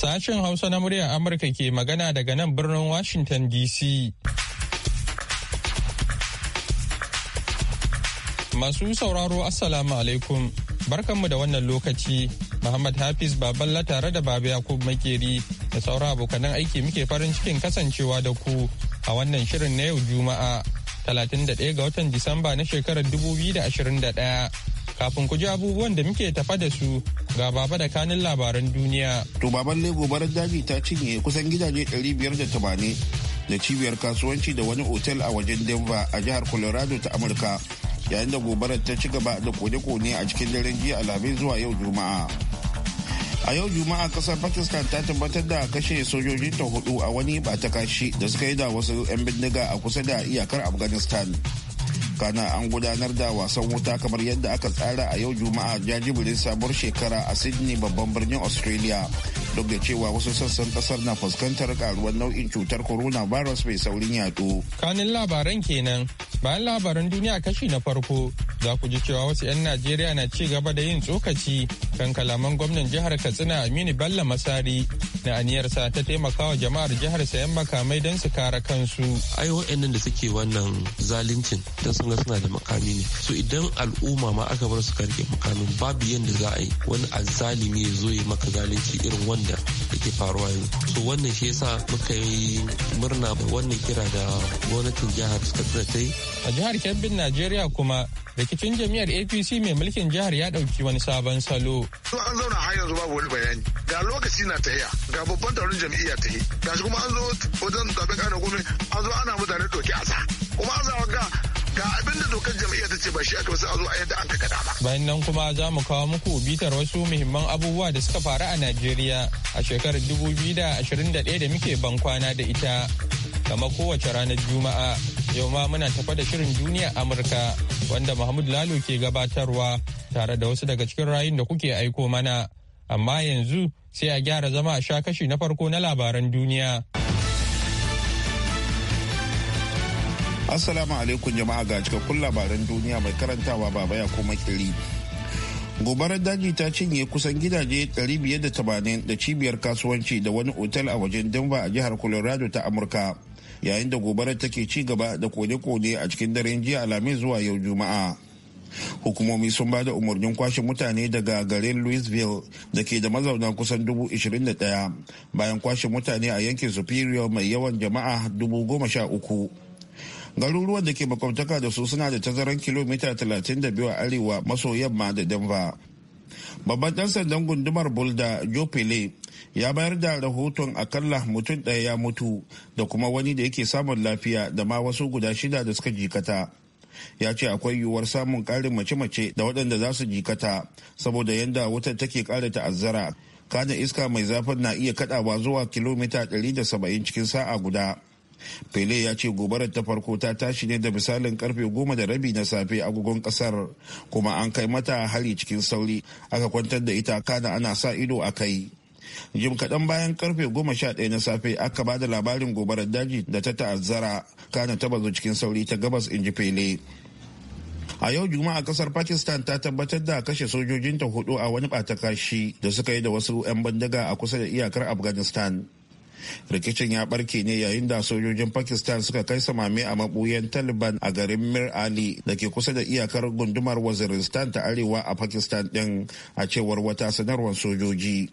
Sashen Hausa na muryar Amurka ke magana daga nan birnin Washington DC. Masu sauraro Assalamu alaikum. Barkanmu da wannan lokaci, Muhammad Hafiz Baballa tare da Babu Yakub Makeri da saura abokanan aiki muke farin cikin kasancewa da ku a wannan shirin na yau Juma'a 31 ga watan Disamba na shekarar 2021. Kafin ku ji abubuwan da muke tafa da su ga baba da kanin labaran duniya. To baban ne gobarar daji ta cinye kusan gidaje 580 da cibiyar kasuwanci da wani otel a wajen Denver a jihar Colorado ta Amurka. Yayin da gobarar ta ci gaba da kone-kone a cikin daren jiya Alhamis zuwa yau Juma'a. a yau juma'a kasar pakistan ta tabbatar da kashe sojojin ta hudu a wani kashi da suka yi da wasu 'yan bindiga a kusa da iyakar afghanistan kana an gudanar da wasan wuta kamar yadda aka tsara a yau juma'a jajibirin sabuwar shekara a sydney babban birnin australia duk da cewa wasu sassan kasar na fuskantar karuwar nau'in cutar coronavirus mai saurin yaɗo kanin labaran kenan Bayan labaran duniya kashi na farko za ku ji cewa wasu 'yan Najeriya na ci gaba da yin tsokaci kan kalaman gwamnan jihar Katsina Aminu Bello Masari na aniyarsa ta taimakawa jama'ar jihar sayan makamai don su kara kansu. Ai waannan da suke wannan zalincin don sun ga suna da makami ne. So idan al'umma ma aka bar su karke makamin babu yadda za a yi wani azzalimi ya zo ya maka zalunci irin wanda yake faruwa yanzu. So wannan shi yasa muka yi murna wannan kira da gwamnatin jihar Katsina ta yi a jihar kebbin najeriya kuma rikicin jami'ar apc mai mulkin jihar ya dauki wani sabon salo an zauna har yanzu babu wani bayani ga lokaci na tahiya ga babban taron jami'a ta yi ga shi kuma an zo wajen zaɓen ƙana gome an zo ana mutane doki sa. kuma an zawa ga ga abin da dokar jam'iyya ta ce ba shi aka wasu a zo a yadda an ka kada ba. Bayan nan kuma za mu kawo muku bitar wasu muhimman abubuwa da suka faru a Najeriya a shekarar 2021 da muke bankwana da ita. Kama kowace ranar Juma'a Yau ma muna tafa da shirin duniya Amurka wanda Mahmud Lalo ke gabatarwa tare da wasu daga cikin rayun da kuke aiko mana. Amma yanzu sai a gyara zama a sha kashi na farko na labaran duniya. Assalamu alaikum jama'a ga cikakkun labaran duniya mai karantawa baba ya kuma kiri. Gobarar daji ta cinye kusan gidaje 580 da cibiyar kasuwanci da wani otal a wajen Denver a jihar Colorado ta Amurka. yayin da gobarar take ci gaba da kone-kone a cikin daren jiya alhamis zuwa yau juma'a hukumomi sun ba da umarnin kwashe mutane daga garin louisville da ke da mazauna kusan 21,000 bayan kwashe mutane a yankin superior mai yawan jama'a 13,000 garuruwan da ke makwabtaka da su suna da tazaran kilomita 32 a arewa maso yamma da denver babban dan sandan gundumar bulda joe pele ya bayar da rahoton akalla mutum ɗaya ya mutu da kuma wani da yake samun lafiya da ma wasu guda shida da suka jikata ya ce akwai yiwuwar samun ƙarin mace-mace da waɗanda za su jikata saboda yadda wutar take ƙara ta'azzara kada iska mai zafin na iya kaɗawa zuwa kilomita ɗari da saba'in cikin sa'a guda pele ya ce gobarar ta farko ta tashi ne da misalin karfe goma da rabi na safe agogon kasar kuma an kai mata hari cikin sauri aka kwantar da ita kana ana sa ido a kai jim kaɗan bayan karfe goma sha ɗaya na safe aka ba da labarin gobarar daji da ta ta'azzara kana ta bazu cikin sauri ta gabas in ji fele a yau juma'a kasar pakistan ta tabbatar da kashe sojojinta hudu a wani batakashi da suka yi da wasu 'yan bandaga a kusa da iyakar afghanistan rikicin ya barke ne yayin da sojojin pakistan suka kai samame a mabuyan taliban a garin mir ali da ke kusa da iyakar gundumar waziristan ta arewa a pakistan din a cewar wata sanarwar sojoji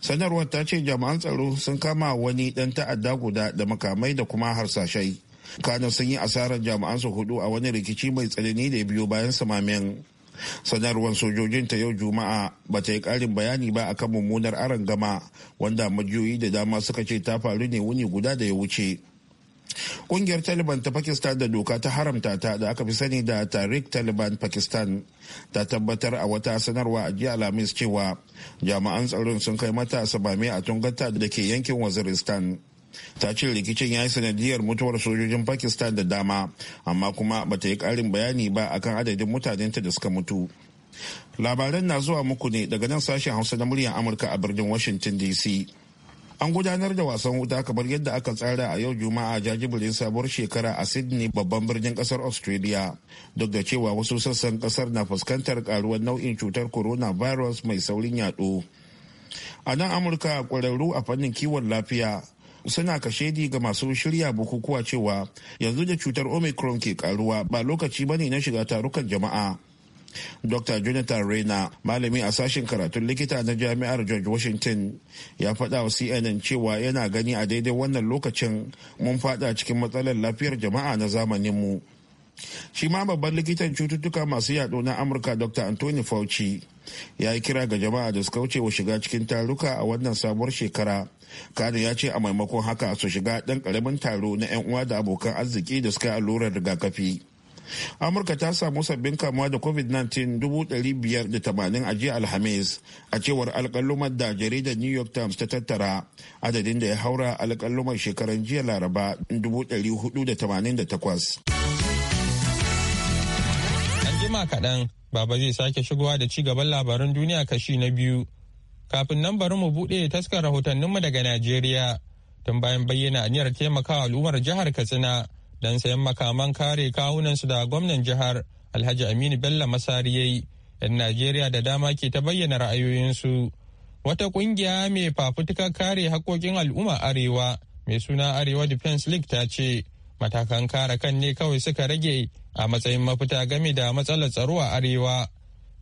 sanarwar ta ce jama'an tsaro sun kama wani dan ta'adda guda da makamai da kuma harsashai kano sun yi asarar jama'an su hudu a wani rikici mai tsanani da biyo bayan samamen sanarwar sojojin ta yau juma'a ba ta yi karin bayani ba akan mummunar aron gama wanda majiyoyi da dama suka ce ta faru ne wuni guda da ya wuce Kungiyar Taliban ta Pakistan da doka ta haramta ta da aka fi sani da Tariq Taliban Pakistan ta tabbatar a wata sanarwa a jiya Alhamis cewa jami'an tsaron sun kai mata sabame a tungata da ke yankin Waziristan. Ta ce rikicin ya yi sanadiyar mutuwar sojojin Pakistan da dama, amma kuma bata yi karin bayani ba akan adadin mutanen ta da suka mutu. Labaran na zuwa muku ne daga nan sashen Hausa na muryar Amurka a birnin Washington DC. an gudanar da wasan wuta kamar yadda aka tsara a yau juma'a jajibirin sabuwar shekara a sydney babban birnin kasar australia duk da cewa wasu sassan kasar na fuskantar karuwar nau'in cutar corona virus mai saurin yaɗo a nan amurka kwararru a fannin kiwon lafiya suna kashedi ga masu shirya bukukuwa cewa yanzu da cutar omicron ke karuwa ba lokaci bane na shiga tarukan jama'a dr jonathan rena malami a sashen karatun likita na jami'ar george washington ya faɗa wa cnn cewa yana gani a daidai wannan lokacin mun faɗa cikin matsalar lafiyar jama'a na zamaninmu shi ma babban likitan cututtuka masu yaɗo na amurka dr anthony fauci ya yi kira ga jama'a da suka wuce wa shiga cikin taruka a wannan sabuwar shekara kano ya ce a maimakon haka su shiga ɗan ƙaramin taro na 'yan uwa da abokan arziki da suka yi allurar rigakafi amurka ta samu sabbin kamuwa da covid-19 580 a jiya alhamis a cewar alkalumar da jaridar new york times ta tattara adadin da ya haura alkalumar shekaran jiya laraba 488 takwas. jima kaɗan baba zai sake shigowa da ci gaban labarin duniya kashi na biyu kafin nan bari mu buɗe taskar rahotanninmu daga najeriya tun bayan bayyana aniyar taimakawa al'ummar jihar katsina don sayan makaman kare kawunansu da gwamnan jihar alhaji aminu bello masari yayi yan najeriya da dama ke ta bayyana ra'ayoyinsu wata kungiya mai fafutukar kare haƙoƙin al'umma arewa mai suna arewa defense league ta ce matakan kare kan ne kawai suka rage a matsayin mafita game da matsalar tsaro a arewa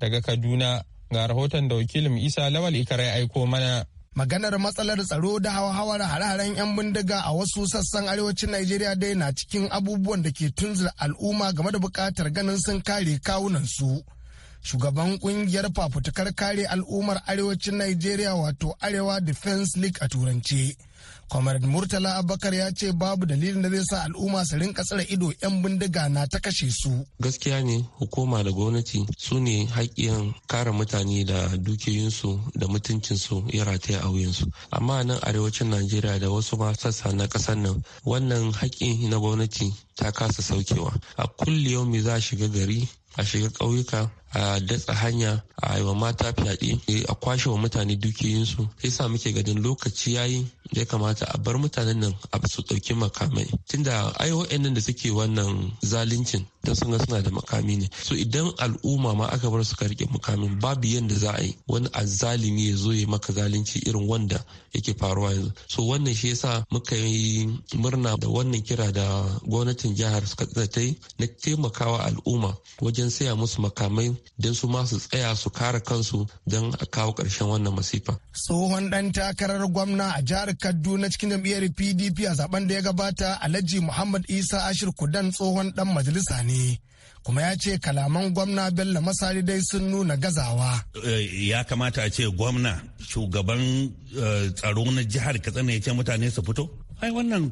daga kaduna ga rahoton da wakilin isa lawal ikarai aiko mana maganar matsalar tsaro da hauhawar hare-haren 'yan bindiga a wasu sassan arewacin najeriya dai na cikin abubuwan da ke tunzura al'umma game da bukatar ganin sun kare kawunansu shugaban kungiyar fafutukar kare al'ummar arewacin najeriya wato arewa defense league a turance comrade murtala abakar ya ce babu dalilin da zai sa al'umma su rinka tsare ido 'yan bindiga na ta kashe su gaskiya ne hukuma da gwamnati su ne haƙƙin kare mutane da dukiyoyinsu da mutuncinsu ya rataya a wuyansu amma nan arewacin najeriya da wasu ma sassa na ƙasar nan wannan haƙƙin na gwamnati ta kasa saukewa a kulle yau za a shiga gari a shiga ƙauyuka a datsa hanya a yi wa mata fyaɗe a kwashe wa mutane dukiyoyinsu sai sa muke ganin lokaci yayi ya kamata a bar mutanen nan a su ɗauki makamai tunda ai nan da suke wannan zaluncin don sun ga suna da makami ne so idan al'umma ma aka bar su ka rike makamin babu yadda za a yi wani azalimi ya zo ya maka zalunci irin wanda yake faruwa yanzu so wannan shi yasa muka yi murna da wannan kira da gwamnatin jihar suka ta na taimakawa al'umma wajen saya musu makamai don su ma tsaya su kare kansu don a kawo karshen wannan masifa. Tsohon ɗan takarar gwamna a jihar Kaduna cikin jam'iyyar PDP a zaben da ya gabata Alhaji Muhammad Isa Ashir Kudan tsohon ɗan majalisa ne. kuma ya ce kalaman gwamna bello masari dai sun nuna gazawa eh, ya kamata a ce gwamna shugaban eh, tsaro na jihar katsina ya ce mutane su fito ai wannan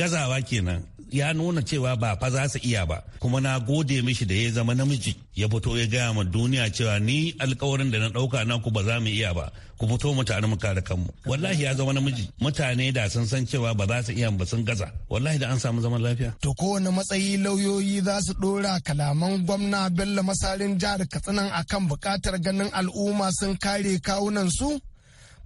gazawa kenan ya nuna cewa ba fa za su iya ba kuma na gode mishi da ya zama namiji ya fito ya gaya ma duniya cewa ni alkawarin da na dauka na ku ba za mu iya ba ku fito mu tare mu kare kanmu wallahi ya zama namiji mutane da sun san cewa ba za su iya ba sun gaza wallahi da an samu zaman lafiya to kowane matsayi lauyoyi za su dora kalaman gwamna bello masarin jihar katsinan akan bukatar ganin al'umma sun kare kawunan su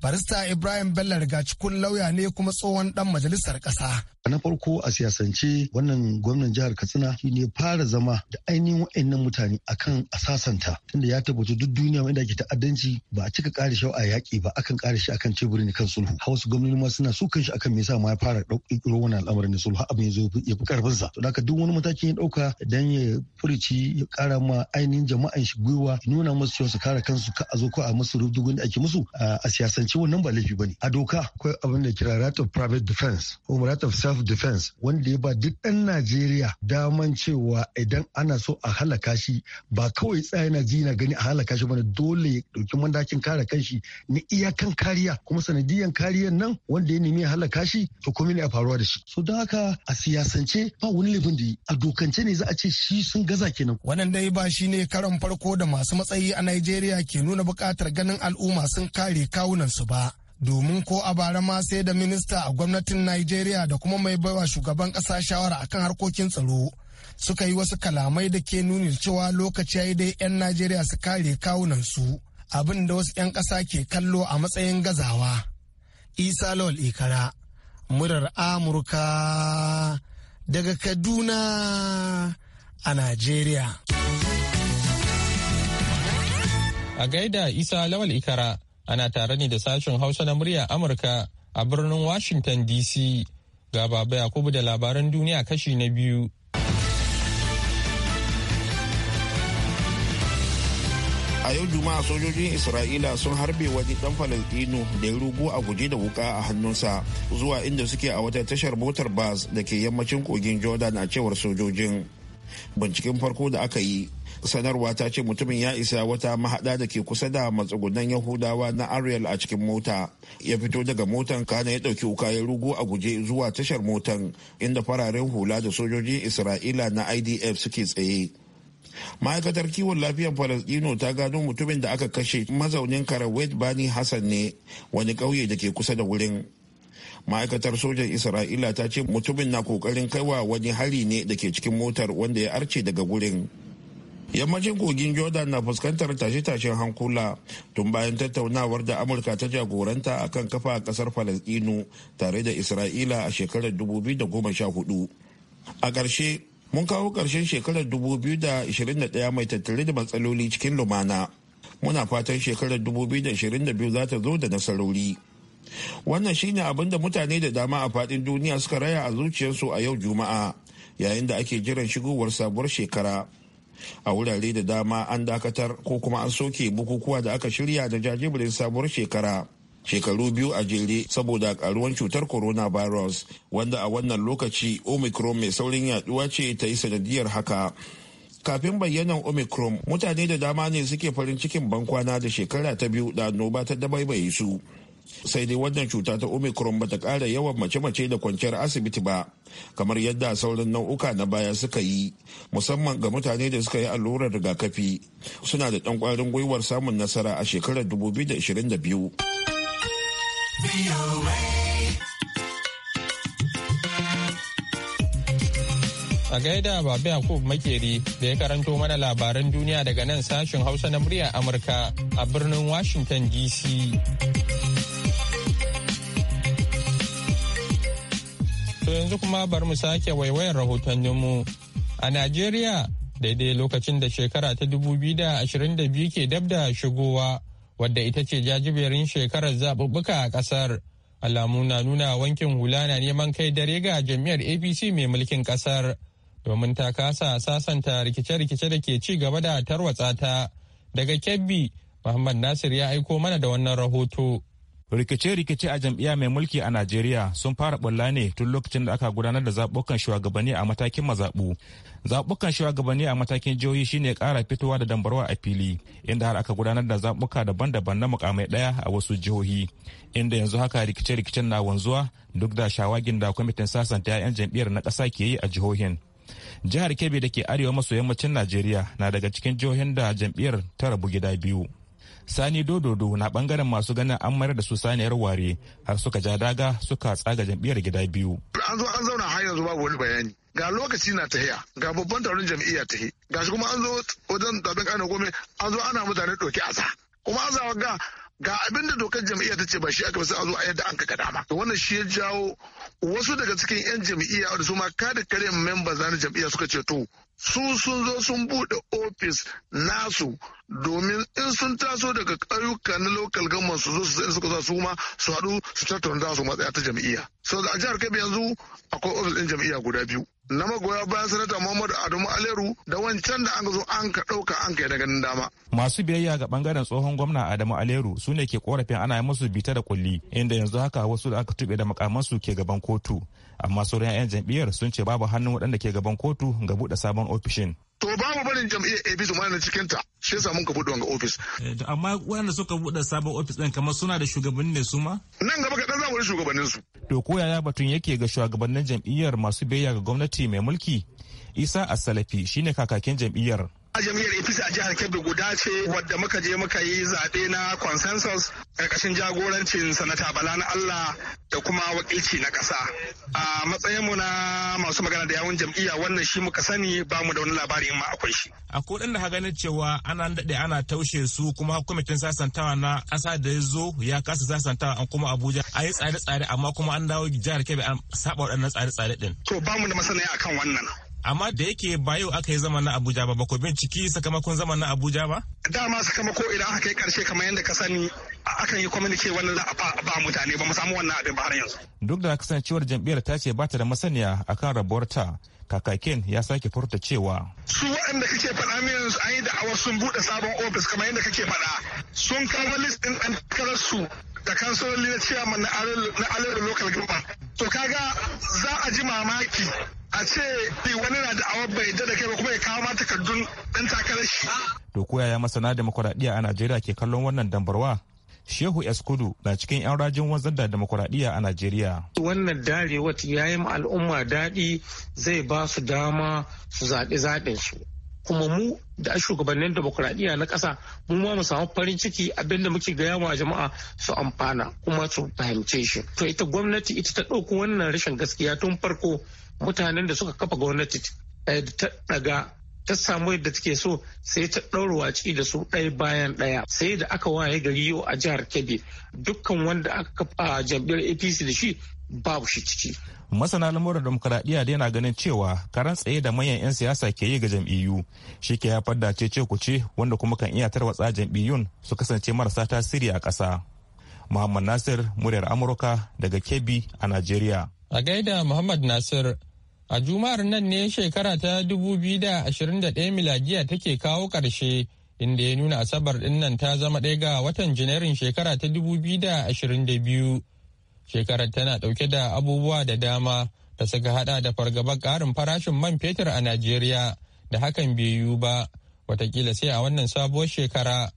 barista ibrahim bello rigacikun lauya ne kuma tsohon dan majalisar kasa na farko a siyasance wannan gwamnan jihar katsina shine fara zama da ainihin wa'annan mutane akan asasanta tunda ya tabbata duk duniya wanda ke ta'addanci ba a cika kare shau a yaƙi ba akan kare shi akan teburi ne kan sulhu hausa gwamnati ma suna su kan shi akan me yasa ma ya fara ɗaukar wannan al'amarin na sulhu abin ya zo ya fi karfin sa to duk wani matakin ya ɗauka dan ya furici ya ƙara ma ainihin jama'an shi gwiwa nuna musu cewa su kare kansu ka a zo ko a musu rubdugun da ake musu a siyasance wannan ba laifi ba ne. a doka akwai abin da kira right of private defense ko right of self of defense wanda ya ba duk ɗan Najeriya daman cewa idan ana so a halaka shi ba kawai tsaye na ji gani a halaka shi bane dole ya ɗauki mandakin kare kanshi na iyakan kariya kuma sanadiyan kariyan nan wanda ya nemi halaka shi to kuma ne a faruwa da shi so don haka a siyasance ba wani laifin da yi a dokance ne za a ce shi sun gaza kenan wannan dai ba shi ne karan farko da masu matsayi a Najeriya ke nuna bukatar ganin al'umma sun kare kawunan su ba domin ko a bara ma sai da minista a gwamnatin Najeriya da kuma mai baiwa shugaban ƙasa shawara akan harkokin tsaro suka yi wasu kalamai da ke nuni cewa lokaci ya dai 'yan Najeriya su kare kawunansu abin da wasu 'yan ƙasa ke kallo a matsayin gazawa. Isa Lawal Ikara, murar Amurka daga Kaduna a Najeriya. A gaida Isa Lawal Ikara Ana tare ne da sashen Hausa na murya Amurka a birnin Washington DC. Ga Baba Yakubu da labaran duniya kashi na biyu. A yau Juma'a sojojin Isra'ila sun harbe wani dan Falasɗinu da ya rugu a guje da wuka a hannunsa zuwa inda suke a wata tashar motar bas da ke yammacin kogin Jordan a cewar sojojin. Binciken farko da aka yi sanarwa ta ce mutumin ya isa wata mahada da ke kusa da matsugunan yahudawa na ariel a cikin mota ya fito daga motan kana ya ɗauki wuka ya rugo a guje zuwa tashar motan inda fararen hula da sojojin isra'ila na idf suke tsaye ma'aikatar kiwon lafiyar falasdino ta gano mutumin da aka kashe mazaunin karawet bani hassan ne wani ƙauye da ke kusa da wurin ma'aikatar sojan isra'ila ta ce mutumin na kokarin kaiwa wani hari ne da ke cikin motar wanda ya arce daga wurin yammacin kogin jordan na fuskantar tashe-tashen hankula tun bayan tattaunawar da amurka ta jagoranta akan kan kafa kasar falasdino tare da isra'ila a shekarar 2014 a ƙarshe mun kawo ƙarshen shekarar 2021 mai tattare da matsaloli cikin lumana muna fatan shekarar 2022 za ta zo da nasarori wannan shine abin da mutane da dama a fadin duniya suka raya a zuciyarsu a yau juma'a yayin da ake jiran shigowar sabuwar shekara a wurare da dama an dakatar ko kuma an soke bukukuwa da aka shirya da jajibirin sabuwar shekara shekaru biyu a jere saboda karuwan cutar coronavirus wanda a wannan lokaci omicron mai saurin yaduwa ce ta yi sanadiyar haka kafin bayyanan omicron mutane da dama ne suke farin cikin bankwana da shekara ta biyu da annoba ta dabaibaye su sai dai wannan cuta ta omicron bata ƙara yawan mace-mace da kwanciyar asibiti ba kamar yadda sauran nau'uka na baya suka yi musamman ga mutane da suka yi allurar rigakafi suna da ɗan ƙwarin gwiwar samun nasara a shekarar 2022 A gaida Babu Yakub Makeri da ya karanto mana labaran duniya daga nan sashen Hausa na murya Amurka a birnin Washington DC. To yanzu kuma bar mu sake waiwayar mu. A Najeriya daidai lokacin da shekara ta 2022 ke dab da shigowa wadda ita ce jajiberin shekarar zaɓuɓɓuka a ƙasar. Alamu na nuna wankin hula na neman kai dare ga jami'ar APC mai mulkin ƙasar domin ta kasa sasanta rikice-rikice da ke ci gaba da tarwatsa ta. Daga Kebbi, Muhammad Nasir ya aiko mana da wannan rahoto. rikice-rikice a jam'iyya mai mulki a najeriya sun fara bulla ne tun lokacin da aka gudanar da zaɓukan shugabanni a matakin mazaɓu zaɓukan shugabanni a matakin jihohi shine ƙara fitowa da dambarwa a fili inda har aka gudanar da zaɓuka daban-daban na mukamai ɗaya a wasu jihohi inda yanzu haka rikice-rikicen na wanzuwa duk da shawagin da kwamitin sasanta 'ya'yan jam'iyyar na ƙasa ke yi a jihohin jihar kebbi da ke arewa maso yammacin najeriya na daga cikin jihohin da jam'iyyar ta rabu gida biyu sani dododo na bangaren masu ganin an mayar da su saniyar ware har suka ja daga suka tsaga jam'iyyar gida biyu an zo an zauna har yanzu babu wani bayani ga lokaci na tahiya ga babban taron jam'iyya tahi ga shi kuma an zo wajen zaben kano gome an zo ana mutane a sa kuma an zawa ga ga abin da dokar jam'iyya ta ce ba shi aka fi a zo a yadda an ka dama to wannan shi ya jawo wasu daga cikin yan jam'iyya da su ma kada kare memba zani jam'iyya suka ce to su sun zo sun buɗe ofis nasu domin in sun taso daga ƙauyuka na lokal government su zo su suka za su ma su haɗu su tattauna su matsaya ta jam'iyya. So a jihar Kebbi yanzu akwai ofis ɗin jam'iyya guda biyu. na magoya bayan sanata muhammadu adamu aleru da wancan da an zo an ka ɗauka an kai daga nan dama. masu biyayya ga bangaren tsohon gwamna adamu aleru su ne ke korafin ana yi musu bita da kulli inda yanzu haka wasu da aka tuɓe da makamansu ke gaban kotu amma sauran 'yan jam'iyyar sun ce babu hannun waɗanda ke gaban kotu ga buɗe sabon ofishin. to ba mu barin jam'iyyar AB su mana cikin ta shi yasa mun ka buɗe wanga ofis. Eh, amma wanda suka buɗe sabon ofis ɗin kamar suna da shugabanni ne su ma. nan gaba kaɗan za mu shugabannin su. to ko yaya batun yake ga shugabannin jam'iyyar masu biyayya ga gwamnati mai mulki isa asalafi shine kakakin jam'iyyar a jam'iyyar apc a jihar kebbi guda ce wadda muka je muka yi zaɓe na consensus ƙarƙashin jagorancin sanata bala na allah da kuma wakilci na ƙasa a matsayinmu na masu magana da yawun jam'iyya wannan shi muka sani ba mu da wani labari ma akwai shi A ko ɗan da ganin cewa ana daɗe ana taushe su kuma kwamitin sasantawa na ƙasa da ya zo ya kasa sasantawa an kuma abuja a yi tsare-tsare amma kuma an dawo jihar kebbi an saɓa waɗannan tsare-tsare ɗin to ba mu da masana akan wannan amma da yake bayo aka yi zaman na Abuja ba ba ku binciki sakamakon zaman na Abuja ba? Dama sakamako idan aka yi karshe kamar yadda ka sani akan yi communicate wannan za ba mutane ba mu samu wannan abin ba har yanzu duk da kasancewar jam'iyyar ta ce ba ta da masaniya akan rabuwar ta kakakin ya sake furta cewa su waɗanda kake faɗa min yanzu an yi da'awar sun buɗe sabon ofis kamar yadda kake faɗa sun kawo list ɗin ɗan su da kansololi na ciyaman na alerin local government to kaga za a ji mamaki a ce eh, wani na awa bai da kai ba kuma ya kawo ma takardun ɗan takarar shi to koyaya masana demokuraɗiyya a najeriya ke kallon wannan dambarwa Shehu Eskudu na cikin 'yan rajin wanzar da demokuraɗiyya a Najeriya. Wannan darewat ya yi ma al'umma daɗi zai ba su dama su zaɓi zaɓinsu. Kuma mu da shugabannin demokuraɗiyya na ƙasa mu ma mu samu farin ciki abinda muke gaya wa jama'a su amfana kuma su fahimce shi. To ita gwamnati ita ta ɗauko wannan rashin gaskiya tun farko mutanen da suka kafa gwamnati eh, ta ɗaga ta samu yadda take so sai ta ɗaura watsi da su ɗaya bayan ɗaya sai da aka waye gari yau a jihar kebbi dukkan wanda aka kafa jam'iyyar apc da shi babu shi ciki masana lamuran demokuraɗiyya dai na ganin cewa karan tsaye da manyan 'yan siyasa ke yi ga jam'iyyu shi ke haifar da cece kuce wanda kuma kan iya tarwatsa jam'iyyun su kasance marasa tasiri a ƙasa muhammad nasir muryar amurka daga kebbi a najeriya a gaida muhammad nasir A Juma'ar nan ne shekara ta 2021 miladiya take kawo ƙarshe inda ya nuna Asabar ɗin ta zama ɗaya ga watan Janairun shekara ta 2022. Shekarar tana ɗauke da abubuwa da dama da suka hada da fargabar ƙarin farashin man fetur a Najeriya da hakan bai yiwu ba watakila sai a wannan sabuwar shekara.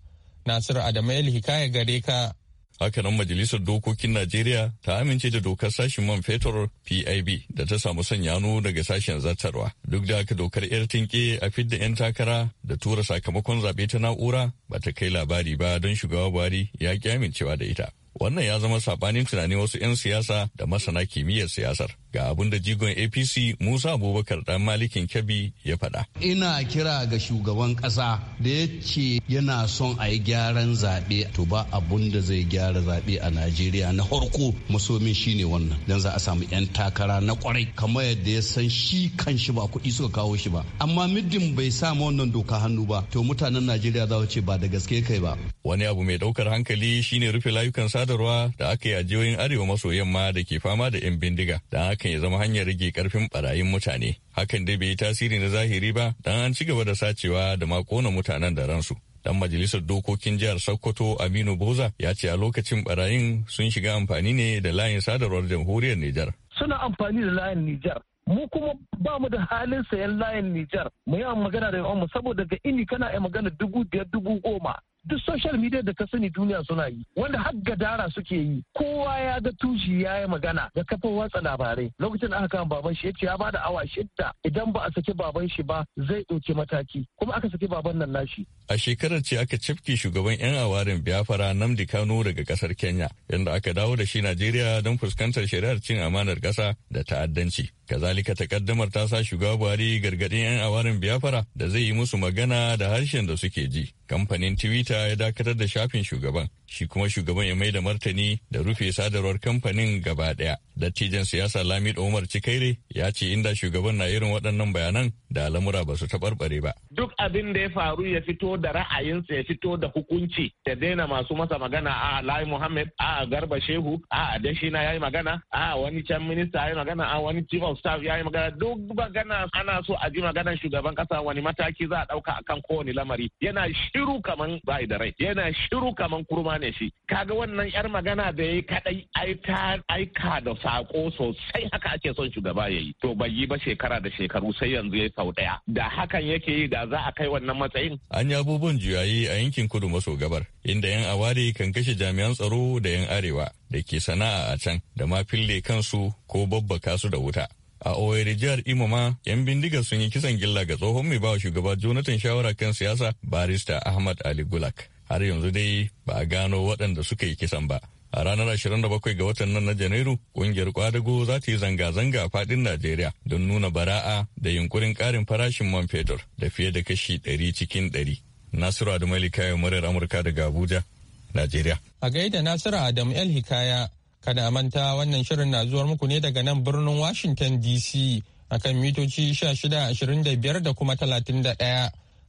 Nasiru Adamu El Hikaya gare ka. Hakanan Majalisar Dokokin Najeriya ta amince da dokar sashen man fetur PIB da ta samu sanya hannu daga sashen zartarwa. Duk da haka dokar 'yar tinke a fidda 'yan takara da tura sakamakon zaɓe ta na'ura ba ta kai labari ba don shugaba Buhari ya ƙi amincewa da ita. Wannan ya zama sabanin tunanin wasu 'yan siyasa da masana kimiyyar siyasar. Ga abin da jigon APC Musa Abubakar dan Malikin Kebbi ya faɗa. Ina kira ga shugaban kasa da ya ce yana son a yi gyaran zaɓe to ba abun da zai gyara zaɓe a Najeriya na farko masomin shine wannan don za a samu 'yan takara na kwarai kamar yadda ya san shi kan shi ba kuɗi suka kawo shi ba amma middin bai sa ma wannan doka hannu ba to mutanen Najeriya za ce ba da gaske kai ba. Wani abu mai ɗaukar hankali shine rufe layukan sada sadarwa da aka yi a jihohin arewa maso yamma da ke fama da 'yan bindiga don hakan ya zama hanyar rage karfin barayin mutane hakan dai bai yi tasiri na zahiri ba don an ci gaba da sacewa da makona mutanen da ransu dan majalisar dokokin jihar sokoto aminu boza ya ce a lokacin barayin sun shiga amfani ne da layin sadarwar jamhuriyar nijar suna amfani da layin nijar mu kuma ba mu da halin sayan layin Nijar mu yi magana da yawan mu saboda ga ini kana yi magana dubu biyar dubu goma duk social media da ka sani duniya suna yi wanda har gadara suke yi kowa ya ga tushi ya yi magana da kafin watsa labarai lokacin aka kama baban shi yace ya bada awa shidda idan ba a saki baban shi ba zai ɗauki mataki kuma aka saki baban nan nashi a shekarar ce aka cafke shugaban yan awarin biyafara namdi kano daga kasar kenya yadda aka dawo da shi najeriya don fuskantar shari'ar cin amanar ƙasa da ta'addanci Kazalika takaddamar ta sa shiga Buhari gargadin 'yan awarin biyafara da zai yi musu magana da harshen da suke ji. Kamfanin Twitter ya dakatar da shafin shugaban, shi kuma shugaban ya mai da martani da rufe sadarwar kamfanin gaba ɗaya. Dattijan siyasa Lamid Omar Cikaire ya ce inda shugaban na irin waɗannan bayanan da alamura ba su taɓarɓare ba. Duk abin da ya faru ya fito da ra'ayinsa ya fito da hukunci da daina masu masa magana a Lai Muhammad a Garba Shehu a Adashina ya yi magana a wani can minista ya yi magana a wani chief of Mustapha ya yi magana duk magana ana so a ji maganar shugaban kasa wani mataki za a dauka akan kowane lamari yana shiru kaman ba da rai yana shiru kaman kurma ne shi kaga wannan yar magana da yayi kadai ai ta aika da sako sosai haka ake son shugaba yayi to bai yi ba shekara da shekaru sai yanzu yayi sau daya da hakan yake yi da za a kai wannan matsayin an yi abubuwan juyayi a yankin kudu maso gabar inda yan awari kan kashe jami'an tsaro da yan arewa da ke sana'a a can da ma fille kansu ko babbaka su da wuta a owerri jihar imama yan bindiga sun yi kisan gilla ga tsohon mai bawa shugaba jonathan shawara kan siyasa barista ahmad ali gulak har yanzu dai ba a gano waɗanda suka yi kisan ba a ranar 27 ga watan nan na janairu ƙungiyar kwadago za ta yi zanga-zanga a fadin najeriya don nuna bara'a da yunkurin karin farashin man fetur da fiye da kashi ɗari cikin ɗari. nasiru adamu kayan murar amurka daga abuja najeriya a gaida nasiru adamu el hikaya Kada manta wannan shirin na zuwar muku ne daga nan birnin Washington DC akan mitoci 1625 da kuma 31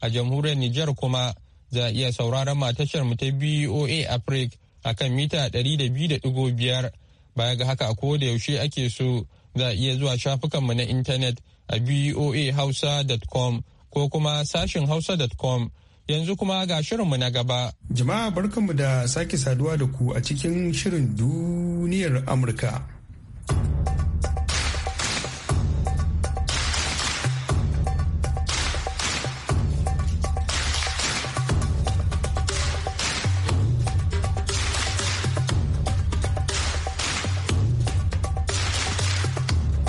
a jamhuriyar Nijar kuma za a iya sauraron matashar mu ta BOA Africa akan mita 200.5 baya ga haka a da yaushe ake so za a iya zuwa shafukanmu na intanet a boahausa.com ko kuma sashin hausa.com Yanzu kuma ga shirinmu na gaba. Jama'a barkanmu da sake saduwa da ku a cikin shirin duniyar Amurka.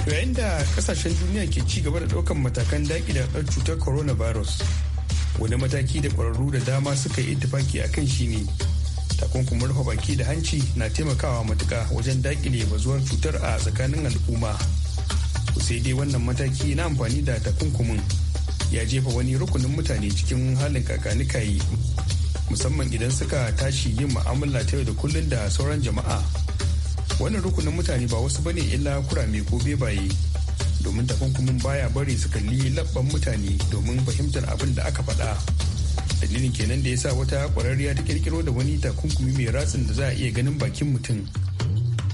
yayin da kasashen duniya ke ci gaba da daukan matakan daƙi da cutar coronavirus wani mataki da kwararru da dama suka yi itifaki a kan shi ne takunkumin rufe baki da hanci na taimakawa matuka wajen dakile bazuwar cutar a tsakanin al'umma sai dai wannan mataki na amfani da takunkumin ya jefa wani rukunin mutane cikin halin kakanikayi musamman idan suka tashi yin mu'amala ta yau da kullum da sauran jama'a wannan rukunin mutane ba wasu bane illa kurame ko bebaye domin takunkumin baya bari su kalli labban mutane domin fahimtar abin da aka faɗa dalilin kenan da ya sa wata ƙwararriya ta kirkiro da wani takunkumi mai ratsin da za a iya ganin bakin mutum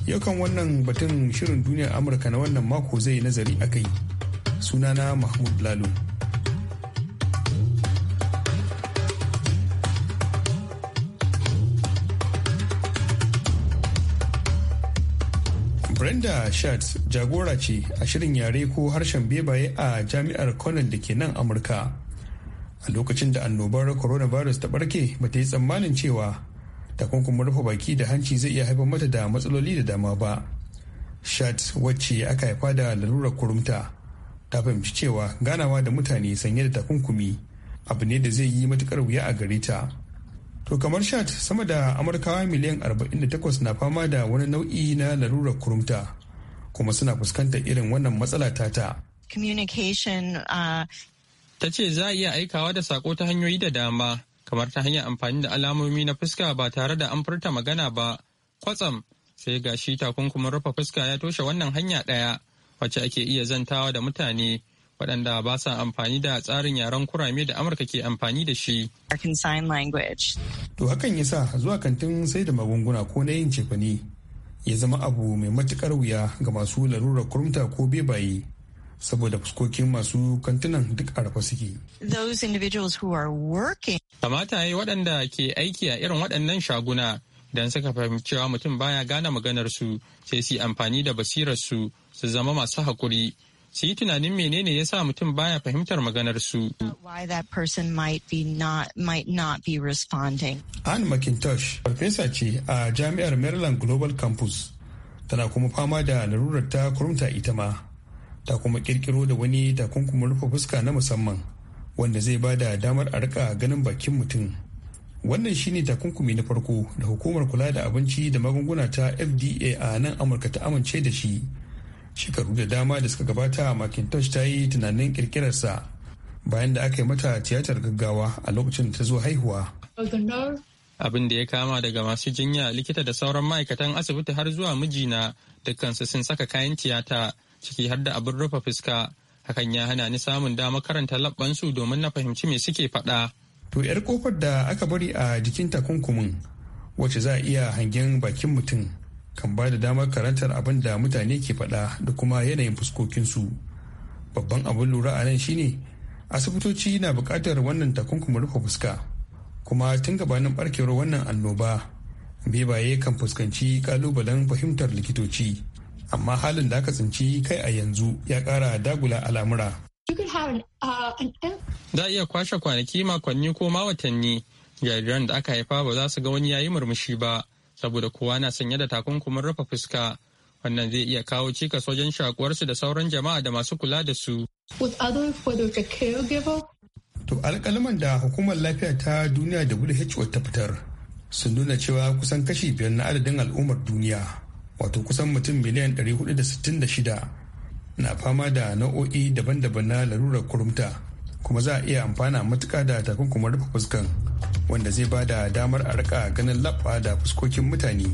yakan wannan batun shirin duniyar amurka na wannan mako zai nazari akai sunana mahmud lalu. Brenda Schatz jagora ce a shirin yare ko harshen bebaye a jami'ar Cornell da ke nan Amurka. A lokacin da annobar coronavirus ta barke ba ta yi tsammanin cewa takunkumin rufe baki da hanci zai iya haifar mata da matsaloli da dama ba. Schatz wacce aka haifa da lalurar kurumta ta fahimci cewa ganawa da mutane sanye da takunkumi abu ne da zai yi matukar wuya a gare ta. To kamar shat sama da Amurkawa miliyan 48 na fama da wani nau'i na larurar kurumta kuma suna fuskantar irin wannan matsala tata. Communication uh, ta ce za a iya aikawa da sako ta hanyoyi da dama kamar ta hanyar amfani da alamomi na fuska ba tare da an furta magana ba kwatsam sai ga shi takunkumin rufe fuska ya toshe wannan hanya ɗaya wacce ake iya zantawa da mutane waɗanda ba sa amfani da tsarin yaren kurame da amurka ke amfani da shi to hakan ya sa zuwa kantin sai da magunguna ko na yin cefane ya zama abu mai matukar wuya ga masu larurar kurumta ko bebaye saboda fuskokin masu kantunan duk a rafa suke. Those individuals who are working. Kamata yi waɗanda ke aiki a irin waɗannan shaguna don suka fahimci cewa mutum baya gane maganar su sai su amfani da basirar su su zama masu haƙuri su yi tunanin menene ya sa mutum baya fahimtar maganar su. Anne McIntosh, farfesa ce a Jami'ar Maryland Global Campus, tana kuma fama da larurar ta kurumta ita ma, ta kuma kirkiro da wani takunkumin rufe fuska na musamman, wanda zai ba da damar a rika ganin bakin mutum. Wannan shine takunkumi na farko da hukumar kula da abinci da magunguna ta FDA a nan Amurka ta amince da shi. shekaru da dama da suka gabata macintosh ta yi tunanin kirkirarsa bayan da aka yi mata tiyatar gaggawa a lokacin ta zo haihuwa abin da ya kama daga masu jinya likita da sauran ma'aikatan asibiti har zuwa mijina dukkansu sun saka kayan tiyata ciki har da abin rufe fuska hakan ya hana ni samun damar karanta labbansu domin na fahimci me suke faɗa. to yar kofar da aka bari a jikin takunkumin wacce za a iya hangen bakin mutum kan ba da damar karantar abin da mutane ke faɗa da kuma yanayin fuskokinsu babban abin lura a nan shine asibitoci na buƙatar wannan takunkuma rufe fuska kuma tun gabanin barkewar wannan annoba bebaye kan fuskanci kalubalen fahimtar likitoci amma halin da aka tsinci kai a yanzu ya ƙara dagula al'amura uh, za iya kwashe kwanaki makonni ko ma watanni jariran da aka haifa ba za su ga wani yayi murmushi ba saboda kowa na sanye da takunkumin rufe fuska wannan zai iya kawo cikas wajen shakuwarsu da sauran jama'a da masu kula da su. To alkalaman da hukumar lafiya ta duniya da WHO ta fitar sun nuna cewa kusan kashi biyar na adadin al'ummar duniya wato kusan mutum miliyan ɗari da da shida na fama da nau'o'i daban-daban na larurar kurumta kuma za a iya amfana matuka da takunkumin rufe fuskan wanda zai ba da damar a rika ganin labba da fuskokin mutane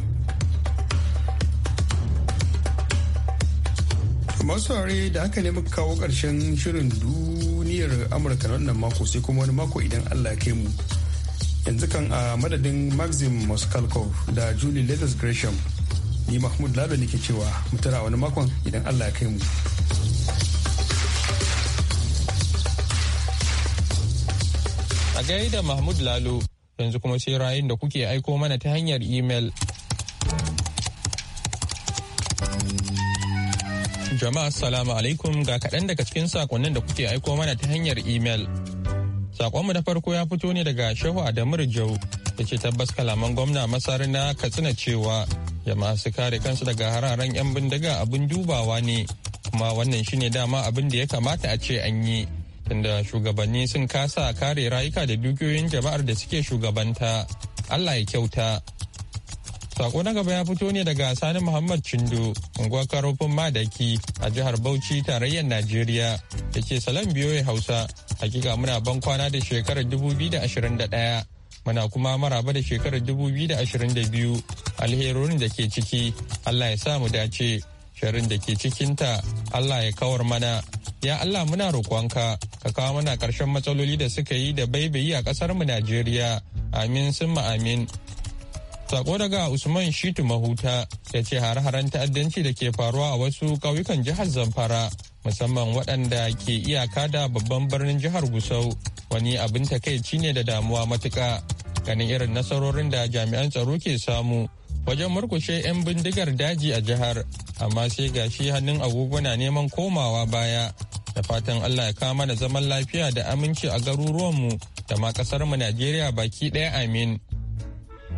masu saurare da haka ne muka kawo ƙarshen shirin duniyar amurka na wannan mako sai kuma wani mako idan allah ya kai mu yanzu kan a madadin maxim moskalkov da julie leathers gresham ni mahmud lalo ne ke cewa mutara wani makon idan allah ya kai mu. A gaida Mahmud Lalo yanzu kuma sai ra'ayin da kuke aiko mana ta hanyar imel. Jama'a salamu alaikum ga kaɗan daga cikin sakonnin da kuke aiko mana ta hanyar imel. Sakonmu na farko ya fito ne daga Shehu Adamu Rijau da ce tabbas kalaman gwamna masar na Katsina cewa jama'a su kare kansu daga hararen 'yan bindiga abin dubawa ne kuma wannan shine dama abin da ya kamata a ce an yi. tunda shugabanni sun kasa kare rayuka da dukiyoyin jama'ar da suke shugabanta allah ya kyauta sako na gaba ya fito ne daga sani muhammad cindo unguwar karofin madaki a jihar bauchi tarayyar najeriya da ke salon biyoyi hausa hakika muna ban kwana da shekarar 2021 muna kuma maraba da shekarar 2022 alherorin da ke ciki allah ya sa mu dace shirin da ke cikinta Allah ya kawar mana ya Allah muna roƙonka ka kawo mana ƙarshen matsaloli da suka yi da baibayi a ƙasar mu Najeriya amin sun amin sako daga Usman Shitu Mahuta ya ce har-haren ta'addanci da ke faruwa a wasu ƙauyukan jihar Zamfara musamman waɗanda ke iyaka da babban birnin jihar Gusau wani abin takaici ne da damuwa matuƙa ganin irin nasarorin da jami'an tsaro ke samu wajen murkushe 'yan bindigar daji a jihar amma sai ga shi hannun agogo na neman komawa baya da fatan allah ya kama da zaman lafiya da aminci a garuruwanmu da ma mu najeriya baki ɗaya amin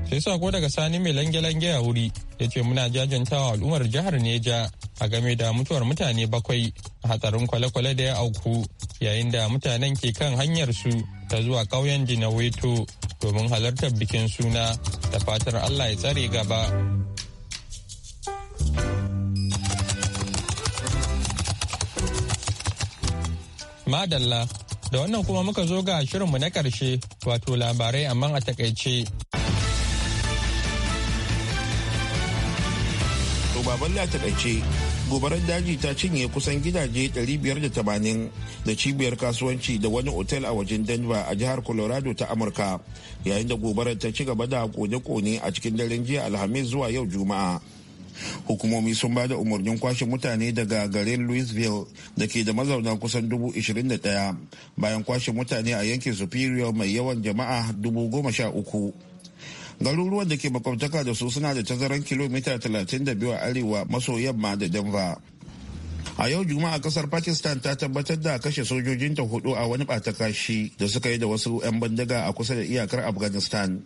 sai sako daga sani mai lange-lange a wuri ya ce muna jajantawa al'ummar jihar neja a game da mutuwar mutane bakwai a hatsarin kwale-kwale da ya auku yayin da mutanen ke kan hanyar su ta zuwa ƙauyen dinaweto domin halartar bikin suna da fatar allah ya tsare gaba Madalla, da wannan kuma muka zo ga shirinmu na ƙarshe wato labarai amma a takaice. To baballe takaice, gobarar daji ta cinye kusan gidaje 580 da cibiyar kasuwanci da wani otel a wajen Denver a jihar Colorado ta Amurka, yayin da gobarar ta ci gaba da kone-kone a cikin daren jiya Alhamis zuwa yau Juma'a. hukumomi sun ba da umarnin kwashe mutane daga garin louisville da ke da mazauna kusan daya bayan kwashe mutane a yankin superior mai yawan jama'a sha uku. garuruwan da ke makwabtaka da su suna da tazaran kilomita talatin da biyu a arewa maso yamma da denver a yau juma'a kasar pakistan ta tabbatar da kashe sojojinta hudu a wani batakashi da suka yi da wasu 'yan bandaga a kusa da iyakar afghanistan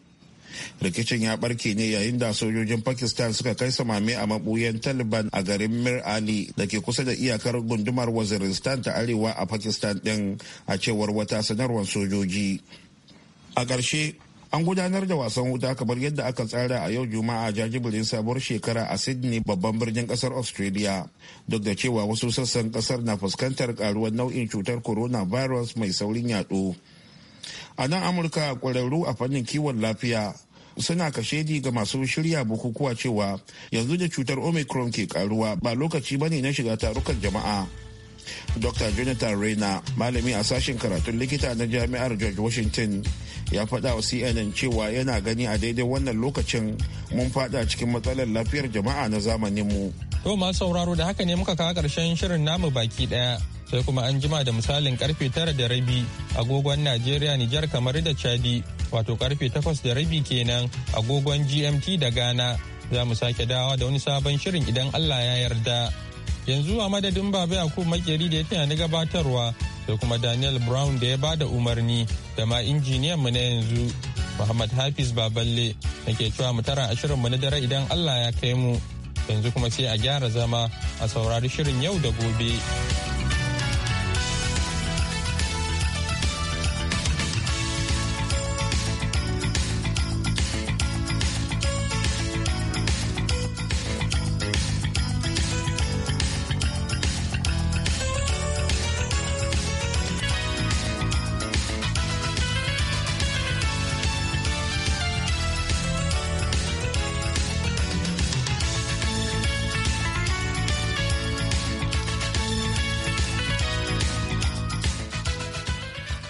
rikicin ya barke ne yayin da sojojin pakistan suka kai samame a mabuyan taliban a garin mir ali da ke kusa da iyakar gundumar waziristan ta arewa a pakistan din a cewar wata sanarwar sojoji a ƙarshe an gudanar da wasan wuta kamar yadda aka tsara a yau juma'a jajibirin sabuwar shekara a sydney babban birnin kasar australia duk da cewa wasu sassan kasar na fuskantar karuwar nau'in cutar coronavirus mai saurin yaɗo. a nan amurka ƙwararru a fannin kiwon lafiya suna kashedi ga masu shirya bukukuwa cewa yanzu da cutar omicron ke karuwa ba lokaci bane na shiga tarukan jama'a dr jonathan reina malami a sashen karatun likita na jami'ar george washington ya faɗa wa cnn cewa yana gani a daidai wannan lokacin mun faɗa cikin matsalar lafiyar jama'a na zamaninmu to masu sauraro da haka ne muka kawo ƙarshen shirin namu baki ɗaya sai kuma an jima da misalin karfe tara da rabi agogon Najeriya Nijar kamar da Chadi wato karfe takwas da rabi kenan agogon GMT da Ghana za mu sake dawa da wani sabon shirin idan Allah ya yarda. Yanzu a madadin Baba Yakubu Makeri da ya tana na gabatarwa da kuma Daniel Brown da ya ba da umarni da ma injiniyan mu na yanzu Muhammad Hafiz Baballe nake cewa mu tara a shirin mu na dare idan Allah ya kai mu. yanzu kuma sai a gyara zama a saurari shirin yau da gobe.